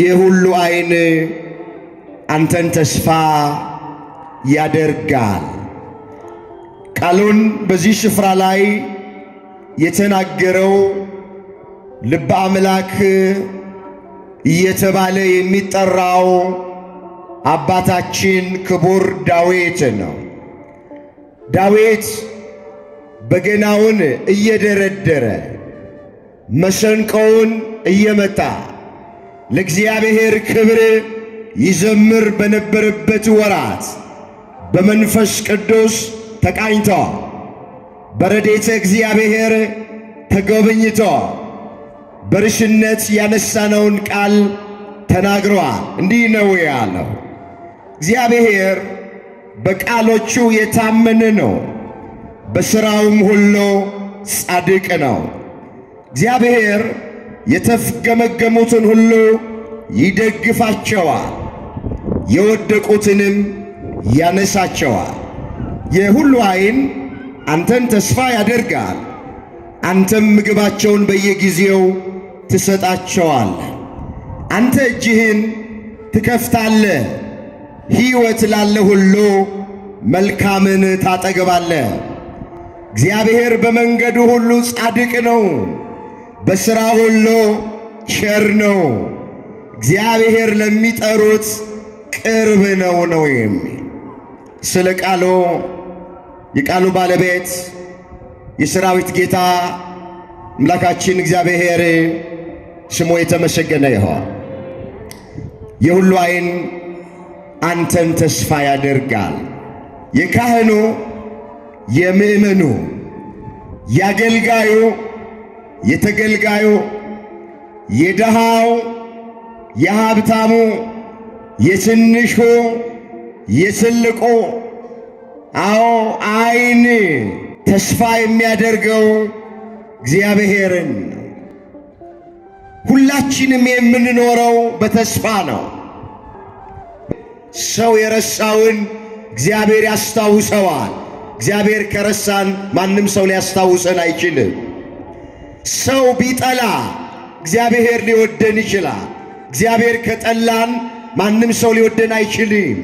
የሁሉ አይን አንተን ተስፋ ያደርጋል። ቃሉን በዚህ ስፍራ ላይ የተናገረው ልበ አምላክ እየተባለ የሚጠራው አባታችን ክቡር ዳዊት ነው። ዳዊት በገናውን እየደረደረ መሰንቆውን እየመታ ለእግዚአብሔር ክብር ይዘምር በነበረበት ወራት በመንፈስ ቅዱስ ተቃኝቷ በረዴተ እግዚአብሔር ተገብኝቶ በርሽነት ያነሳነውን ቃል ተናግሯ እንዲህ ነው ያለው፣ እግዚአብሔር በቃሎቹ የታመነ ነው፣ በሥራውም ሁሉ ጻድቅ ነው። እግዚአብሔር የተፍገመገሙትን ሁሉ ይደግፋቸዋል፣ የወደቁትንም ያነሳቸዋል። የሁሉ ዓይን አንተን ተስፋ ያደርጋል፣ አንተም ምግባቸውን በየጊዜው ትሰጣቸዋለህ። አንተ እጅህን ትከፍታለህ፣ ሕይወት ላለ ሁሉ መልካምን ታጠግባለህ። እግዚአብሔር በመንገዱ ሁሉ ጻድቅ ነው፣ በሥራ ሁሉ ቸር ነው። እግዚአብሔር ለሚጠሩት ቅርብ ነው ነው የሚል ስለ ቃሉ የቃሉ ባለቤት የሰራዊት ጌታ አምላካችን እግዚአብሔር ስሙ የተመሰገነ ይሆን። የሁሉ ዓይን አንተን ተስፋ ያደርጋል። የካህኑ የምእመኑ፣ የአገልጋዩ፣ የተገልጋዩ፣ የደሃው የሀብታሙ፣ የትንሹ፣ የትልቁ አዎ አይን ተስፋ የሚያደርገው እግዚአብሔርን ሁላችንም የምንኖረው በተስፋ ነው። ሰው የረሳውን እግዚአብሔር ያስታውሰዋል። እግዚአብሔር ከረሳን ማንም ሰው ሊያስታውሰን አይችልም። ሰው ቢጠላ እግዚአብሔር ሊወደን ይችላል። እግዚአብሔር ከጠላን ማንም ሰው ሊወደን አይችልም።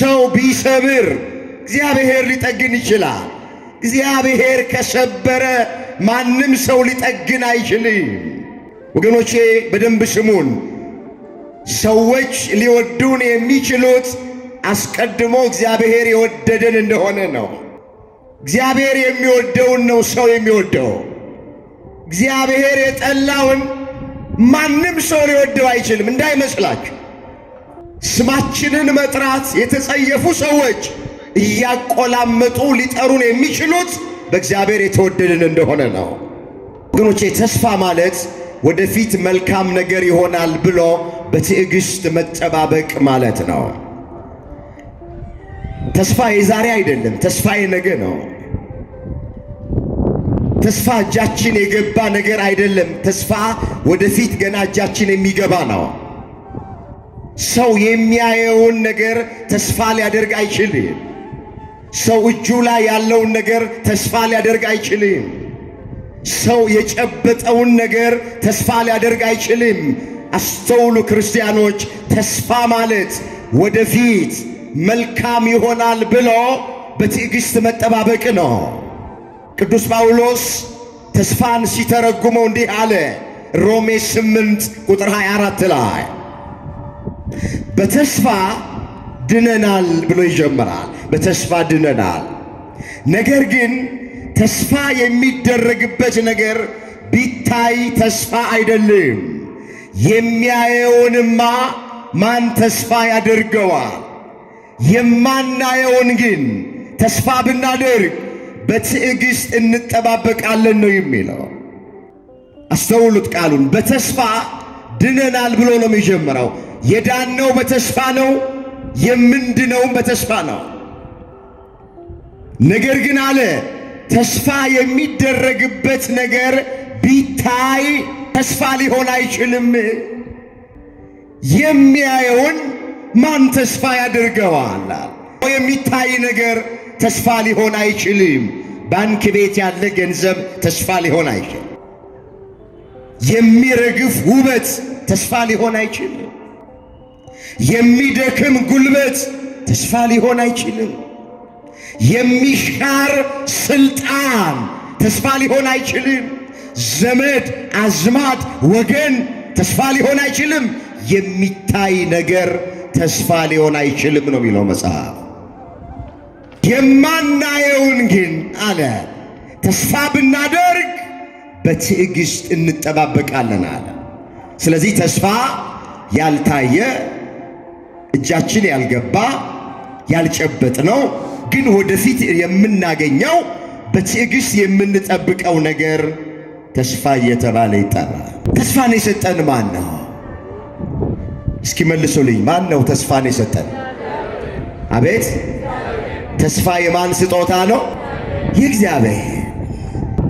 ሰው ቢሰብር እግዚአብሔር ሊጠግን ይችላል። እግዚአብሔር ከሰበረ ማንም ሰው ሊጠግን አይችልም። ወገኖቼ በደንብ ስሙን። ሰዎች ሊወዱን የሚችሉት አስቀድሞ እግዚአብሔር የወደደን እንደሆነ ነው። እግዚአብሔር የሚወደውን ነው ሰው የሚወደው። እግዚአብሔር የጠላውን ማንም ሰው ሊወደው አይችልም እንዳይመስላችሁ። ስማችንን መጥራት የተጸየፉ ሰዎች እያቆላመጡ ሊጠሩን የሚችሉት በእግዚአብሔር የተወደድን እንደሆነ ነው። ወገኖቼ ተስፋ ማለት ወደፊት መልካም ነገር ይሆናል ብሎ በትዕግስት መጠባበቅ ማለት ነው። ተስፋ የዛሬ አይደለም፣ ተስፋ የነገ ነው። ተስፋ እጃችን የገባ ነገር አይደለም። ተስፋ ወደፊት ገና እጃችን የሚገባ ነው። ሰው የሚያየውን ነገር ተስፋ ሊያደርግ አይችልም። ሰው እጁ ላይ ያለውን ነገር ተስፋ ሊያደርግ አይችልም። ሰው የጨበጠውን ነገር ተስፋ ሊያደርግ አይችልም። አስተውሉ ክርስቲያኖች፣ ተስፋ ማለት ወደፊት መልካም ይሆናል ብሎ በትዕግሥት መጠባበቅ ነው። ቅዱስ ጳውሎስ ተስፋን ሲተረጉመው እንዲህ አለ። ሮሜ 8 ቁጥር 24 ላይ በተስፋ ድነናል ብሎ ይጀምራል። በተስፋ ድነናል። ነገር ግን ተስፋ የሚደረግበት ነገር ቢታይ ተስፋ አይደለም። የሚያየውንማ ማን ተስፋ ያደርገዋል? የማናየውን ግን ተስፋ ብናደርግ በትዕግስት እንጠባበቃለን ነው የሚለው። አስተውሉት ቃሉን። በተስፋ ድነናል ብሎ ነው የሚጀምረው። የዳነው በተስፋ ነው፣ የምንድነውም በተስፋ ነው። ነገር ግን አለ ተስፋ የሚደረግበት ነገር ቢታይ ተስፋ ሊሆን አይችልም። የሚያየውን ማን ተስፋ ያደርገዋል? የሚታይ ነገር ተስፋ ሊሆን አይችልም። ባንክ ቤት ያለ ገንዘብ ተስፋ ሊሆን አይችልም። የሚረግፍ ውበት ተስፋ ሊሆን አይችልም። የሚደክም ጉልበት ተስፋ ሊሆን አይችልም። የሚሻር ስልጣን ተስፋ ሊሆን አይችልም። ዘመድ አዝማድ፣ ወገን ተስፋ ሊሆን አይችልም። የሚታይ ነገር ተስፋ ሊሆን አይችልም ነው የሚለው መጽሐፍ። የማናየውን ግን አለ ተስፋ ብናደርግ በትዕግስት እንጠባበቃለን አለ። ስለዚህ ተስፋ ያልታየ እጃችን ያልገባ ያልጨበጥ ነው ግን ወደፊት የምናገኘው በትዕግስት የምንጠብቀው ነገር ተስፋ እየተባለ ይጠራል። ተስፋን የሰጠን ማን ነው? እስኪ መልሶልኝ፣ ማን ነው ተስፋን የሰጠን? አቤት ተስፋ የማን ስጦታ ነው? የእግዚአብሔር።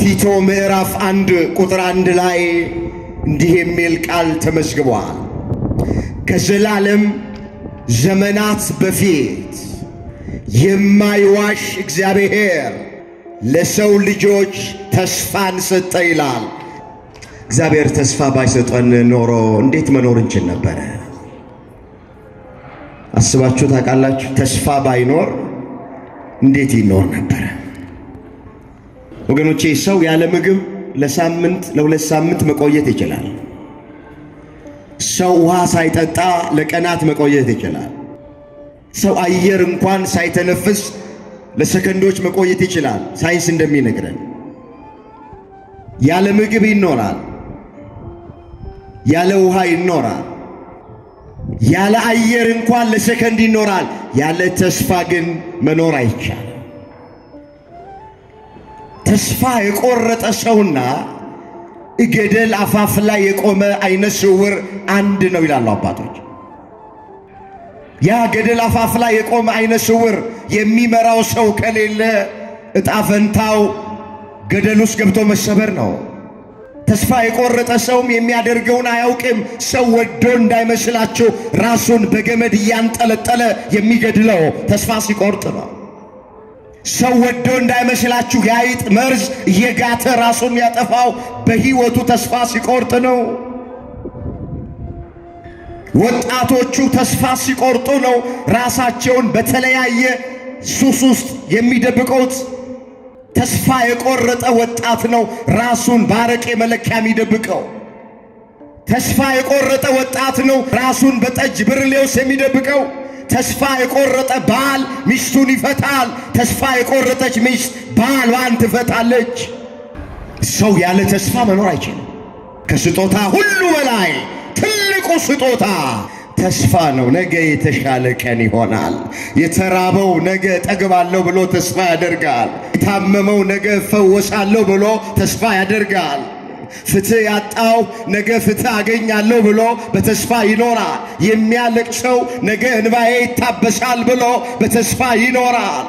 ቲቶ ምዕራፍ አንድ ቁጥር አንድ ላይ እንዲህ የሚል ቃል ተመዝግቧል። ከዘላለም ዘመናት በፊት የማይዋሽ እግዚአብሔር ለሰው ልጆች ተስፋን ሰጠ ይላል። እግዚአብሔር ተስፋ ባይሰጠን ኖሮ እንዴት መኖር እንችል ነበረ? አስባችሁ ታውቃላችሁ? ተስፋ ባይኖር እንዴት ይኖር ነበረ? ወገኖቼ ሰው ያለ ምግብ ለሳምንት ለሁለት ሳምንት መቆየት ይችላል። ሰው ውሃ ሳይጠጣ ለቀናት መቆየት ይችላል። ሰው አየር እንኳን ሳይተነፍስ ለሰከንዶች መቆየት ይችላል። ሳይንስ እንደሚነግረን ያለ ምግብ ይኖራል፣ ያለ ውሃ ይኖራል። ያለ አየር እንኳን ለሰከንድ ይኖራል። ያለ ተስፋ ግን መኖር አይቻል። ተስፋ የቆረጠ ሰውና እገደል አፋፍ ላይ የቆመ አይነ ስውር አንድ ነው ይላሉ አባቶች። ያ ገደል አፋፍ ላይ የቆመ አይነ ስውር የሚመራው ሰው ከሌለ እጣ ፈንታው ገደል ውስጥ ገብቶ መሰበር ነው። ተስፋ የቆረጠ ሰውም የሚያደርገውን አያውቅም። ሰው ወዶ እንዳይመስላችሁ ራሱን በገመድ እያንጠለጠለ የሚገድለው ተስፋ ሲቆርጥ ነው። ሰው ወዶ እንዳይመስላችሁ የአይጥ መርዝ እየጋተ ራሱን ያጠፋው በሕይወቱ ተስፋ ሲቆርጥ ነው። ወጣቶቹ ተስፋ ሲቆርጡ ነው ራሳቸውን በተለያየ ሱስ ውስጥ የሚደብቁት። ተስፋ የቆረጠ ወጣት ነው ራሱን በአረቄ መለኪያ የሚደብቀው። ተስፋ የቆረጠ ወጣት ነው ራሱን በጠጅ ብርሌውስ የሚደብቀው። ተስፋ የቆረጠ ባል ሚስቱን ይፈታል። ተስፋ የቆረጠች ሚስት ባሏን ትፈታለች። ሰው ያለ ተስፋ መኖር አይችልም። ከስጦታ ሁሉ በላይ ትልቁ ስጦታ ተስፋ ነው። ነገ የተሻለ ቀን ይሆናል። የተራበው ነገ ጠግባለሁ ብሎ ተስፋ ያደርጋል። የታመመው ነገ እፈወሳለሁ ብሎ ተስፋ ያደርጋል። ፍትህ ያጣው ነገ ፍትህ አገኛለሁ ብሎ በተስፋ ይኖራል። የሚያለቅሰው ነገ እንባዬ ይታበሳል ብሎ በተስፋ ይኖራል።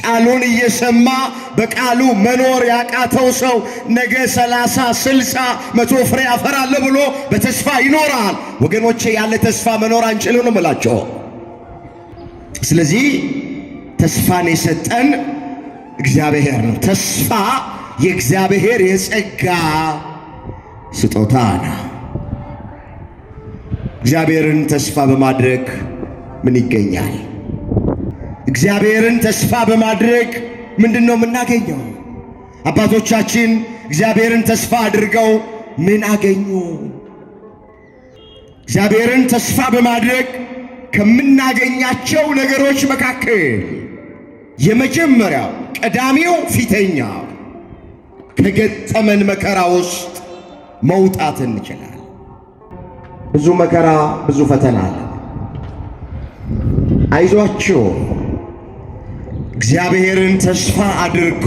ቃሉን እየሰማ በቃሉ መኖር ያቃተው ሰው ነገ ሰላሳ ስልሳ መቶ ፍሬ አፈራለ ብሎ በተስፋ ይኖራል። ወገኖቼ ያለ ተስፋ መኖር አንችልም ነው የምላቸው። ስለዚህ ተስፋን የሰጠን እግዚአብሔር ነው። ተስፋ የእግዚአብሔር የጸጋ ስጦታ ነው። እግዚአብሔርን ተስፋ በማድረግ ምን ይገኛል? እግዚአብሔርን ተስፋ በማድረግ ምንድን ነው የምናገኘው? አባቶቻችን እግዚአብሔርን ተስፋ አድርገው ምን አገኙ? እግዚአብሔርን ተስፋ በማድረግ ከምናገኛቸው ነገሮች መካከል የመጀመሪያው ቀዳሚው ፊተኛ ከገጠመን መከራ ውስጥ መውጣት እንችላል። ብዙ መከራ ብዙ ፈተና አለ። አይዟችሁ እግዚአብሔርን ተስፋ አድርጎ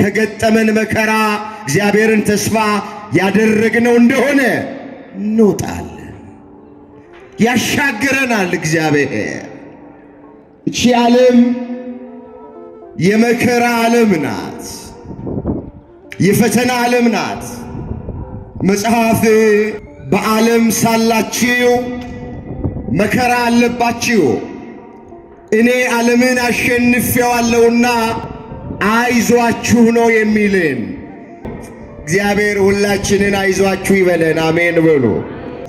ከገጠመን መከራ እግዚአብሔርን ተስፋ ያደረግነው እንደሆነ እንወጣለን። ያሻግረናል። እግዚአብሔር እቺ ዓለም የመከራ ዓለም ናት፣ የፈተና ዓለም ናት። መጽሐፍ በዓለም ሳላችሁ መከራ አለባችሁ እኔ ዓለምን አሸንፌዋለሁና አይዟችሁ ነው የሚልን። እግዚአብሔር ሁላችንን አይዟችሁ ይበለን። አሜን በሉ።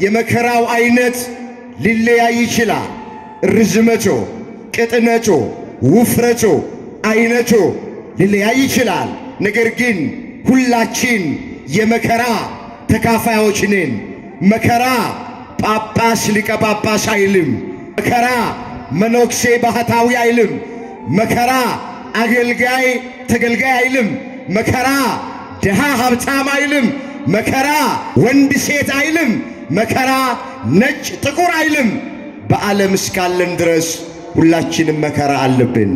የመከራው አይነት ሊለያይ ይችላል። ርዝመቶ፣ ቅጥነቶ፣ ውፍረቶ፣ አይነቶ ሊለያይ ይችላል። ነገር ግን ሁላችን የመከራ ተካፋዮች ነን። መከራ ጳጳስ ሊቀ ጳጳስ አይልም። መከራ መነኩሴ ባህታዊ አይልም። መከራ አገልጋይ ተገልጋይ አይልም። መከራ ድሃ ሀብታም አይልም። መከራ ወንድ ሴት አይልም። መከራ ነጭ ጥቁር አይልም። በዓለም እስካለን ድረስ ሁላችንም መከራ አለብን።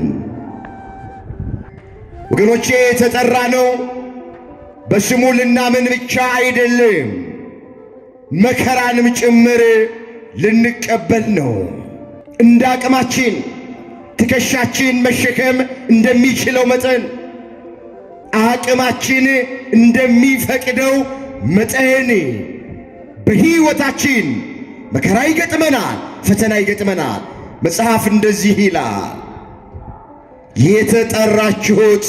ወገኖቼ የተጠራ ነው በስሙ ልናምን ብቻ አይደለም፣ መከራንም ጭምር ልንቀበል ነው። እንደ አቅማችን ትከሻችን መሸከም እንደሚችለው መጠን አቅማችን እንደሚፈቅደው መጠን በሕይወታችን መከራ ይገጥመናል፣ ፈተና ይገጥመናል። መጽሐፍ እንደዚህ ይላል፣ የተጠራችሁት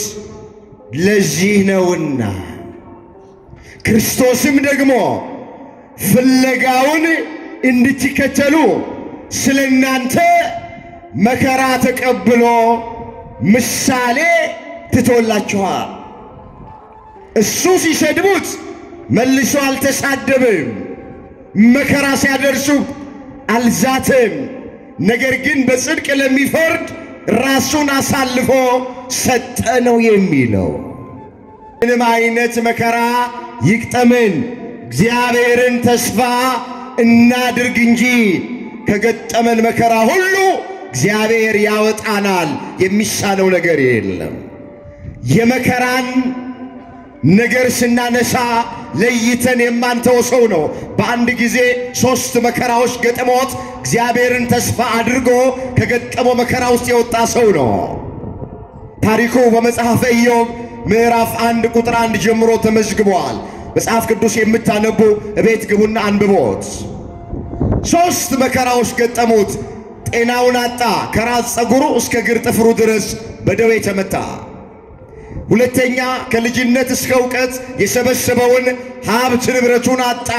ለዚህ ነውና ክርስቶስም ደግሞ ፍለጋውን እንድትከተሉ ስለ እናንተ መከራ ተቀብሎ ምሳሌ ትቶላችኋል። እሱ ሲሰድቡት መልሶ አልተሳደብም፣ መከራ ሲያደርሱ አልዛትም። ነገር ግን በጽድቅ ለሚፈርድ ራሱን አሳልፎ ሰጠ ነው የሚለው። ምንም አይነት መከራ ይቅጠምን፣ እግዚአብሔርን ተስፋ እናድርግ እንጂ ከገጠመን መከራ ሁሉ እግዚአብሔር ያወጣናል። የሚሳነው ነገር የለም። የመከራን ነገር ስናነሳ ለይተን የማንተው ሰው ነው። በአንድ ጊዜ ሶስት መከራዎች ገጥሞት እግዚአብሔርን ተስፋ አድርጎ ከገጠመው መከራ ውስጥ የወጣ ሰው ነው። ታሪኩ በመጽሐፈ ኢዮብ ምዕራፍ አንድ ቁጥር አንድ ጀምሮ ተመዝግቧል። መጽሐፍ ቅዱስ የምታነቡ እቤት ግቡና አንብቦት ሶስት መከራዎች ገጠሙት። ጤናውን አጣ። ከራስ ፀጉሩ እስከ እግር ጥፍሩ ድረስ በደዌ ተመታ። ሁለተኛ ከልጅነት እስከ እውቀት የሰበሰበውን ሀብት ንብረቱን አጣ።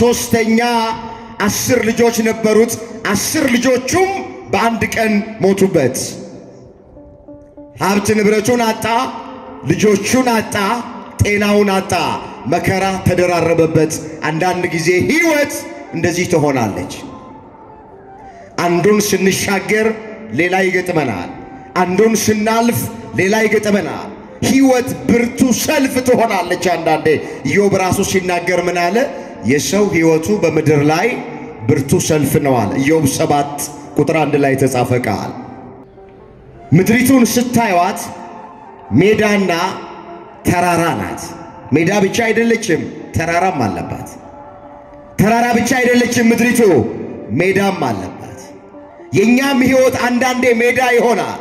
ሶስተኛ አስር ልጆች ነበሩት። አስር ልጆቹም በአንድ ቀን ሞቱበት። ሀብት ንብረቱን አጣ፣ ልጆቹን አጣ፣ ጤናውን አጣ። መከራ ተደራረበበት። አንዳንድ ጊዜ ሕይወት እንደዚህ ትሆናለች። አንዱን ስንሻገር ሌላ ይገጥመናል። አንዱን ስናልፍ ሌላ ይገጥመናል። ሕይወት ብርቱ ሰልፍ ትሆናለች። አንዳንዴ ኢዮብ ራሱ ሲናገር ምን አለ? የሰው ሕይወቱ በምድር ላይ ብርቱ ሰልፍ ነው አለ። ኢዮብ ሰባት ቁጥር አንድ ላይ የተጻፈ ቃል ምድሪቱን ስታዩዋት ሜዳና ተራራ ናት። ሜዳ ብቻ አይደለችም፣ ተራራም አለባት። ተራራ ብቻ አይደለችም ምድሪቱ፣ ሜዳም አለባት። የእኛም ሕይወት አንዳንዴ ሜዳ ይሆናል፣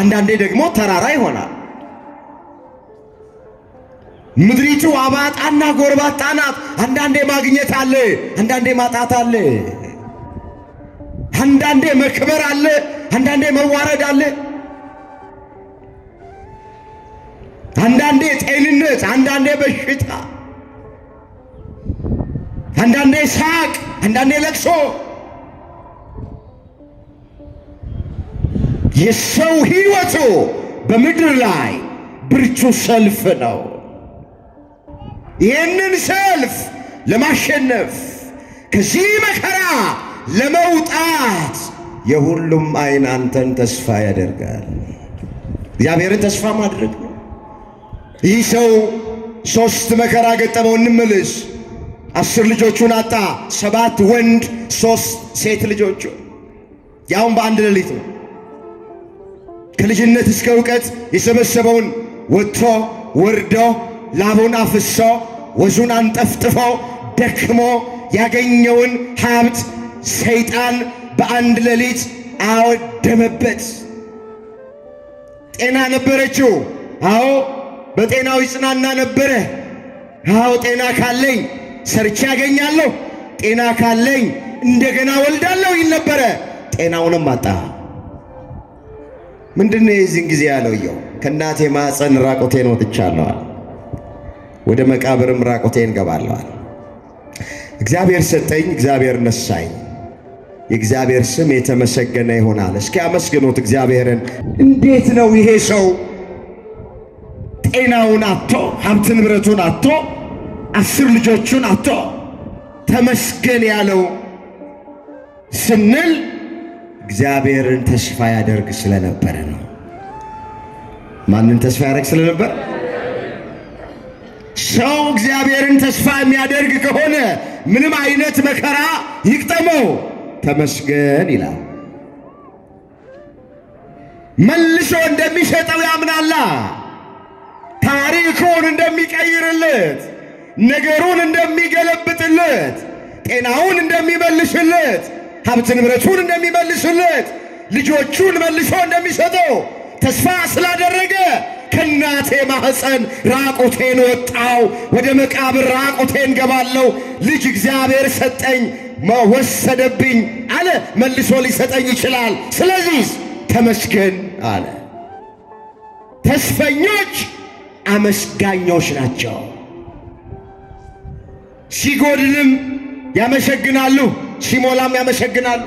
አንዳንዴ ደግሞ ተራራ ይሆናል። ምድሪቱ አባጣና ጎርባጣ ናት። አንዳንዴ ማግኘት አለ፣ አንዳንዴ ማጣት አለ። አንዳንዴ መክበር አለ፣ አንዳንዴ መዋረድ አለ። አንዳንዴ ጤንነት፣ አንዳንዴ በሽታ አንዳንዴ ሳቅ፣ አንዳንዴ ለቅሶ የሰው ህይወቱ በምድር ላይ ብርቱ ሰልፍ ነው። ይህንን ሰልፍ ለማሸነፍ ከዚህ መከራ ለመውጣት የሁሉም አይን አንተን ተስፋ ያደርጋል። እግዚአብሔርን ተስፋ ማድረግ ነው። ይህ ሰው ሶስት መከራ ገጠመው። እንመልስ አስር ልጆቹን አጣ። ሰባት ወንድ ሶስት ሴት ልጆቹ ያውም በአንድ ሌሊት ነው። ከልጅነት እስከ እውቀት የሰበሰበውን ወጥቶ ወርዶ ላቡን አፍሶ ወዙን አንጠፍጥፎ ደክሞ ያገኘውን ሀብት ሰይጣን በአንድ ሌሊት አወደመበት። ጤና ነበረችው። አዎ በጤናው ይጽናና ነበረ። አዎ ጤና ካለኝ ሰርቼ ያገኛለሁ፣ ጤና ካለኝ እንደገና ወልዳለሁ ይል ነበረ። ጤናውንም አጣ። ምንድነው የዚህን ጊዜ ያለው? እየው ከእናቴ ማፀን ራቆቴን ወጥቻለዋል፣ ወደ መቃብርም ራቆቴን ገባለዋል። እግዚአብሔር ሰጠኝ፣ እግዚአብሔር ነሳኝ። የእግዚአብሔር ስም የተመሰገነ ይሆናል። እስኪ አመስግኖት እግዚአብሔርን። እንዴት ነው ይሄ ሰው ጤናውን አጥቶ ሀብት ንብረቱን አጥቶ አስር ልጆቹን አቶ ተመስገን ያለው ስንል እግዚአብሔርን ተስፋ ያደርግ ስለነበረ ነው። ማንን ተስፋ ያደርግ ስለነበር? ሰው እግዚአብሔርን ተስፋ የሚያደርግ ከሆነ ምንም አይነት መከራ ይቅጠመው ተመስገን ይላል። መልሶ እንደሚሸጠው ያምናላ። ታሪኩን እንደሚቀይርለት ነገሩን እንደሚገለብጥለት፣ ጤናውን እንደሚመልስለት፣ ሀብት ንብረቱን እንደሚመልስለት፣ ልጆቹን መልሶ እንደሚሰጠው ተስፋ ስላደረገ ከእናቴ ማህፀን ራቁቴን ወጣው፣ ወደ መቃብር ራቁቴን ገባለው። ልጅ እግዚአብሔር ሰጠኝ፣ ወሰደብኝ አለ። መልሶ ሊሰጠኝ ይችላል። ስለዚህ ተመስገን አለ። ተስፈኞች አመስጋኞች ናቸው። ሲጎድልም ያመሰግናሉ፣ ሲሞላም ያመሰግናሉ፣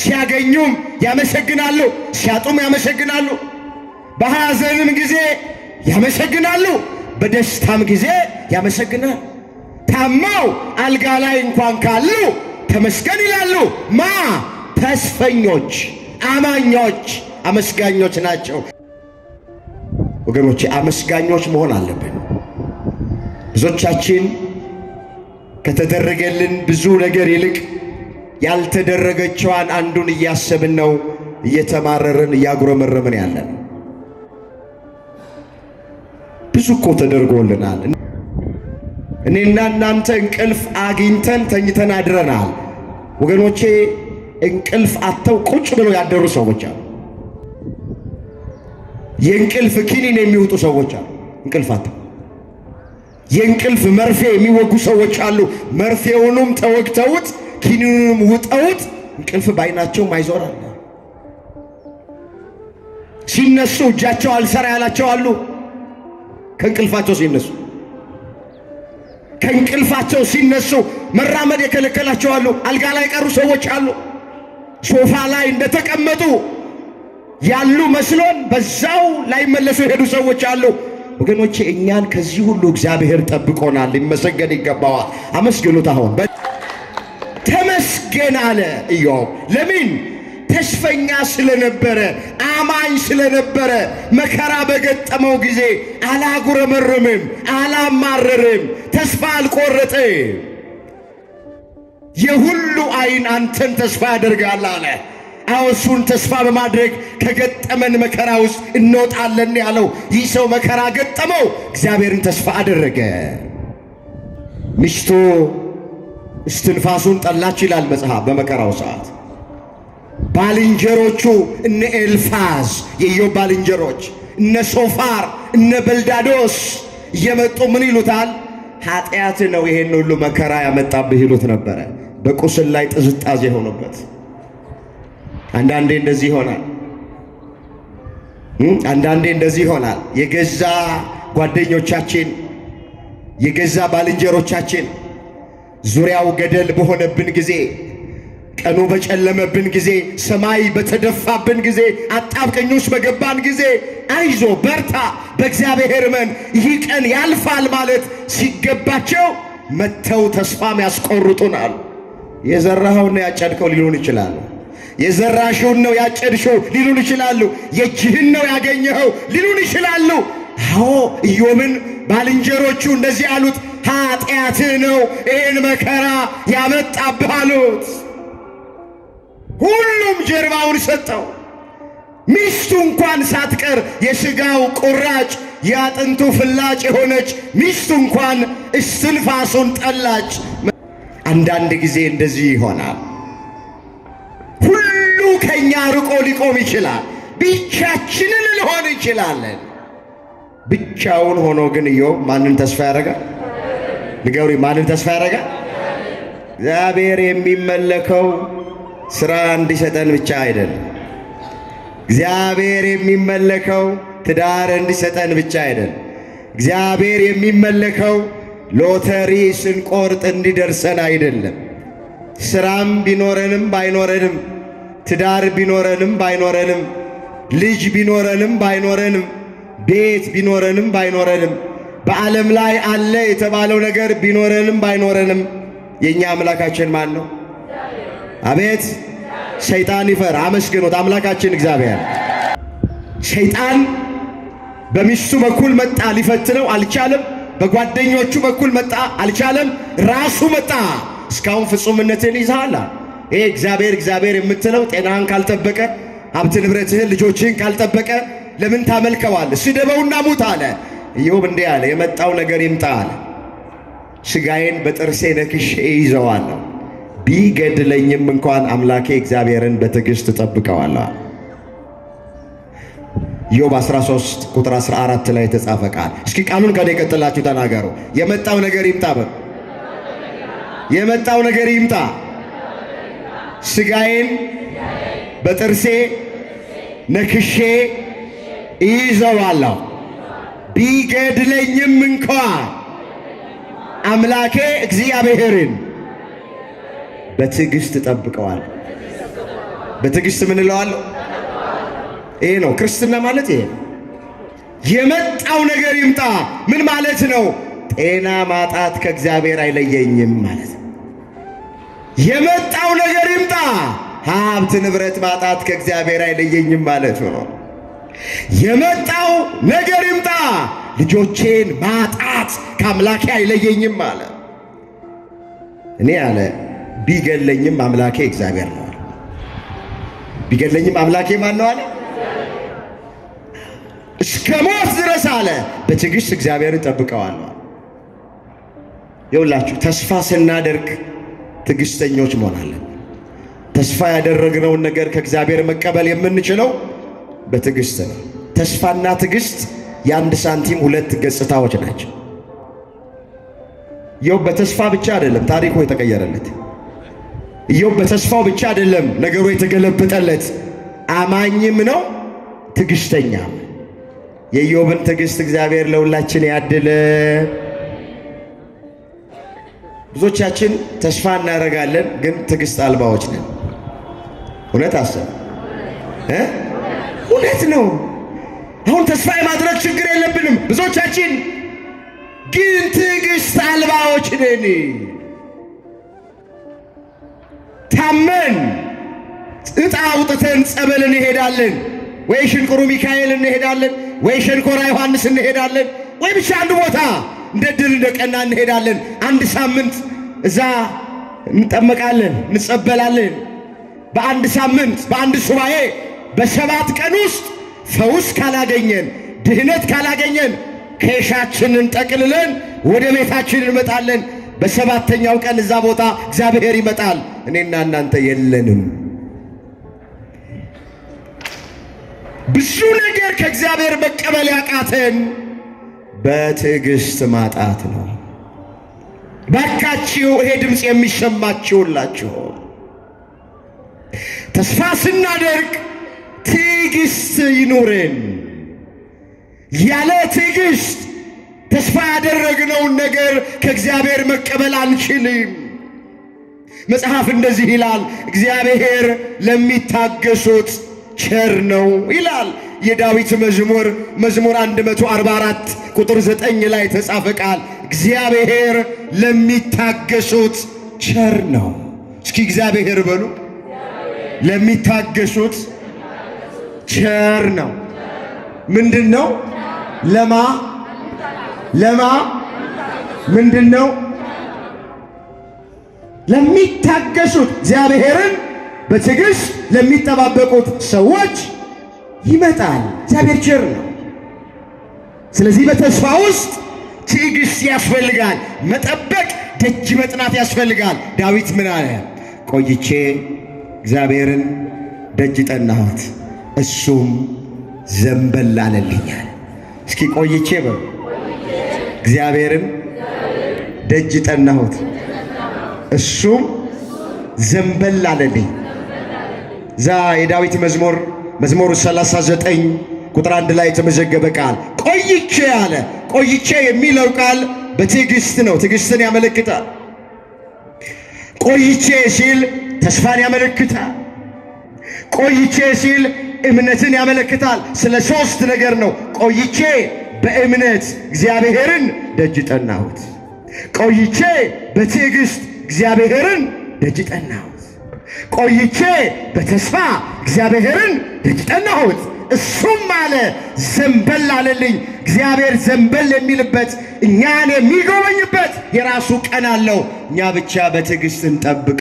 ሲያገኙም ያመሰግናሉ፣ ሲያጡም ያመሰግናሉ፣ በሐዘንም ጊዜ ያመሰግናሉ፣ በደስታም ጊዜ ያመሰግናል። ታማው አልጋ ላይ እንኳን ካሉ ተመስገን ይላሉ። ማ ተስፈኞች፣ አማኞች፣ አመስጋኞች ናቸው። ወገኖቼ አመስጋኞች መሆን አለብን ብዙዎቻችን ከተደረገልን ብዙ ነገር ይልቅ ያልተደረገችዋን አንዱን እያሰብን ነው፣ እየተማረርን እያጉረመረምን ያለን። ብዙ እኮ ተደርጎልናል። እኔና እናንተ እንቅልፍ አግኝተን ተኝተን አድረናል። ወገኖቼ እንቅልፍ አጥተው ቁጭ ብለው ያደሩ ሰዎች አሉ። የእንቅልፍ ኪኒን የሚውጡ ሰዎች አሉ። እንቅልፍ አጥተው የእንቅልፍ መርፌ የሚወጉ ሰዎች አሉ። መርፌውንም ተወግተውት ኪኒኑንም ውጠውት እንቅልፍ ባይናቸው ማይዞር አለ። ሲነሱ እጃቸው አልሰራ ያላቸው አሉ። ከእንቅልፋቸው ሲነሱ ከእንቅልፋቸው ሲነሱ መራመድ የከለከላቸው አሉ። አልጋ ላይ የቀሩ ሰዎች አሉ። ሶፋ ላይ እንደተቀመጡ ያሉ መስሎን በዛው ላይመለሱ የሄዱ ሰዎች አሉ። ወገኖቼ እኛን ከዚህ ሁሉ እግዚአብሔር ጠብቆናል። ሊመሰገን ይገባዋል። አመስግኑት። አሁን ተመስገን አለ ኢዮብ። ለምን? ተስፈኛ ስለነበረ፣ አማኝ ስለነበረ መከራ በገጠመው ጊዜ አላጉረመርምም፣ አላማረርም፣ ተስፋ አልቆረጠም። የሁሉ አይን አንተን ተስፋ ያደርጋል አለ። አዎ እሱን ተስፋ በማድረግ ከገጠመን መከራ ውስጥ እንወጣለን ያለው ይህ ሰው መከራ ገጠመው፣ እግዚአብሔርን ተስፋ አደረገ። ሚስቱ እስትንፋሱን ጠላች ይላል መጽሐፍ። በመከራው ሰዓት ባልንጀሮቹ እነ ኤልፋዝ የኢዮብ ባልንጀሮች እነ ሶፋር እነ በልዳዶስ እየመጡ ምን ይሉታል? ኃጢአት ነው ይሄን ሁሉ መከራ ያመጣብህ ይሉት ነበረ። በቁስል ላይ ጥዝጣዜ የሆኑበት? አንዳንዴ እንደዚህ ይሆናል። አንዳንዴ እንደዚህ ይሆናል። የገዛ ጓደኞቻችን፣ የገዛ ባልንጀሮቻችን ዙሪያው ገደል በሆነብን ጊዜ፣ ቀኑ በጨለመብን ጊዜ፣ ሰማይ በተደፋብን ጊዜ፣ አጣብቀኞች በገባን ጊዜ አይዞ በርታ፣ በእግዚአብሔር እመን፣ ይህ ቀን ያልፋል ማለት ሲገባቸው መተው ተስፋም ያስቆርጡናል። የዘራኸውና ያጨድከው ሊሆን ይችላል። የዘራሽውን ነው ያጨድሽው ሊሉን ይችላሉ። የእጅህን ነው ያገኘኸው ሊሉን ይችላሉ። አዎ ኢዮብን ባልንጀሮቹ እንደዚህ አሉት፣ ኃጢአትህ ነው ይህን መከራ ያመጣብህ አሉት። ሁሉም ጀርባውን ሰጠው። ሚስቱ እንኳን ሳትቀር የሥጋው ቁራጭ የአጥንቱ ፍላጭ የሆነች ሚስቱ እንኳን እስትንፋሱን ጠላች። አንዳንድ ጊዜ እንደዚህ ይሆናል። ከኛ ርቆ ሊቆም ይችላል። ብቻችንን ልሆን ይችላለን። ብቻውን ሆኖ ግን ኢዮብ ማንን ተስፋ ያደርጋል? ንገሪ፣ ማንን ተስፋ ያደርጋል? እግዚአብሔር የሚመለከው ስራ እንዲሰጠን ብቻ አይደለም። እግዚአብሔር የሚመለከው ትዳር እንዲሰጠን ብቻ አይደለም። እግዚአብሔር የሚመለከው ሎተሪ ስንቆርጥ እንዲደርሰን አይደለም። ስራም ቢኖረንም ባይኖረንም ትዳር ቢኖረንም ባይኖረንም ልጅ ቢኖረንም ባይኖረንም ቤት ቢኖረንም ባይኖረንም በዓለም ላይ አለ የተባለው ነገር ቢኖረንም ባይኖረንም የእኛ አምላካችን ማን ነው? አቤት ሰይጣን ይፈር። አመስግኖት አምላካችን እግዚአብሔር። ሰይጣን በሚስቱ በኩል መጣ፣ ሊፈትነው አልቻለም። በጓደኞቹ በኩል መጣ፣ አልቻለም። ራሱ መጣ። እስካሁን ፍጹምነትን ይዛሃል ይሄ እግዚአብሔር እግዚአብሔር የምትለው ጤናህን ካልጠበቀ፣ ሀብት ንብረትህን፣ ልጆችህን ካልጠበቀ ለምን ታመልከዋል? ስደበውና ሙት አለ። ኢዮብ እንዲህ አለ፣ የመጣው ነገር ይምጣ አለ። ሥጋዬን በጥርሴ ነክሼ ይዘዋለሁ፣ ቢገድለኝም እንኳን አምላኬ እግዚአብሔርን በትዕግሥት እጠብቀዋለሁ። ኢዮብ 13 ቁጥር 14 ላይ የተጻፈ ቃል። እስኪ ቃሉን ከደ የቀጥላችሁ ተናገሩ። የመጣው ነገር ይምጣ፣ የመጣው ነገር ይምጣ ስጋዬን በጥርሴ ነክሼ ይዘዋለሁ። ቢገድለኝም እንኳ አምላኬ እግዚአብሔርን በትዕግስት እጠብቀዋለሁ። በትዕግሥት ምን እለዋለሁ? ይሄ ነው ክርስትና ማለት። ይሄ የመጣው ነገር ይምጣ ምን ማለት ነው? ጤና ማጣት ከእግዚአብሔር አይለየኝም ማለት ነው። የመጣው ነገር ይምጣ፣ ሀብት ንብረት ማጣት ከእግዚአብሔር አይለየኝም ማለት ነው። የመጣው ነገር ይምጣ፣ ልጆቼን ማጣት ከአምላኬ አይለየኝም አለ። እኔ አለ ቢገለኝም አምላኬ እግዚአብሔር ነው ቢገለኝም አምላኬ ማን ነው አለ። እስከ ሞት ድረስ አለ በትዕግሥት እግዚአብሔርን ጠብቀዋለሁ። የውላችሁ ተስፋ ስናደርግ ትዕግስተኞች መሆናለን። ተስፋ ያደረግነውን ነገር ከእግዚአብሔር መቀበል የምንችለው በትግስት። ነው። ተስፋና ትዕግስት የአንድ ሳንቲም ሁለት ገጽታዎች ናቸው። ኢዮብ በተስፋ ብቻ አይደለም ታሪኩ የተቀየረለት። ኢዮብ በተስፋው ብቻ አይደለም ነገሩ የተገለበጠለት። አማኝም ነው ትዕግሥተኛም። የኢዮብን ትዕግሥት እግዚአብሔር ለሁላችን ያድለን። ብዙዎቻችን ተስፋ እናደርጋለን፣ ግን ትዕግስት አልባዎች ነን። እውነት አሰብ እ እውነት ነው። አሁን ተስፋ የማድረግ ችግር የለብንም። ብዙዎቻችን ግን ትዕግስት አልባዎች ነን። ታመን እጣ አውጥተን ጸበል እንሄዳለን ወይ ሽንቁሩ ሚካኤል እንሄዳለን ወይ ሸንኮራ ዮሐንስ እንሄዳለን ወይ ብቻ አንድ ቦታ እንደ ድል እንደ ቀና እንሄዳለን። አንድ ሳምንት እዛ እንጠመቃለን፣ እንጸበላለን። በአንድ ሳምንት በአንድ ሱባኤ በሰባት ቀን ውስጥ ፈውስ ካላገኘን ድህነት ካላገኘን ከሻችንን ጠቅልለን ወደ ቤታችን እንመጣለን። በሰባተኛው ቀን እዛ ቦታ እግዚአብሔር ይመጣል። እኔና እናንተ የለንም። ብዙ ነገር ከእግዚአብሔር መቀበል ያቃተን በትዕግስት ማጣት ነው። ባካችሁ ይሄ ድምፅ የሚሰማችሁላችሁ ተስፋ ስናደርግ ትዕግስት ይኑረን። ያለ ትዕግስት ተስፋ ያደረግነውን ነገር ከእግዚአብሔር መቀበል አንችልም። መጽሐፍ እንደዚህ ይላል፣ እግዚአብሔር ለሚታገሱት ቸር ነው ይላል። የዳዊት መዝሙር መዝሙር 144 ቁጥር 9 ላይ ተጻፈ ቃል እግዚአብሔር ለሚታገሱት ቸር ነው። እስኪ እግዚአብሔር በሉ ለሚታገሱት ቸር ነው። ምንድን ነው? ለማ ለማ ምንድን ነው? ለሚታገሱት እግዚአብሔርን በትግስ ለሚጠባበቁት ሰዎች ይመጣል። እግዚአብሔር ቸር ነው። ስለዚህ በተስፋ ውስጥ ትዕግስት ያስፈልጋል። መጠበቅ፣ ደጅ መጥናት ያስፈልጋል። ዳዊት ምን አለ? ቆይቼ እግዚአብሔርን ደጅ ጠናሁት፣ እሱም ዘንበል አለልኛል። እስኪ ቆይቼ በ እግዚአብሔርን ደጅ ጠናሁት፣ እሱም ዘንበል አለልኝ። ዛ የዳዊት መዝሙር መዝሙር 39 ቁጥር 1 ላይ የተመዘገበ ቃል ቆይቼ አለ። ቆይቼ የሚለው ቃል በትዕግስት ነው፣ ትዕግስትን ያመለክታል። ቆይቼ ሲል ተስፋን ያመለክታል። ቆይቼ ሲል እምነትን ያመለክታል። ስለ ሶስት ነገር ነው። ቆይቼ በእምነት እግዚአብሔርን ደጅ ጠናሁት። ቆይቼ በትዕግስት እግዚአብሔርን ደጅ ጠናሁት። ቆይቼ በተስፋ እግዚአብሔርን ደጅ ጠናሁት፣ እሱም አለ ዘንበል አለልኝ። እግዚአብሔር ዘንበል የሚልበት እኛን የሚጎበኝበት የራሱ ቀን አለው። እኛ ብቻ በትዕግሥት እንጠብቅ።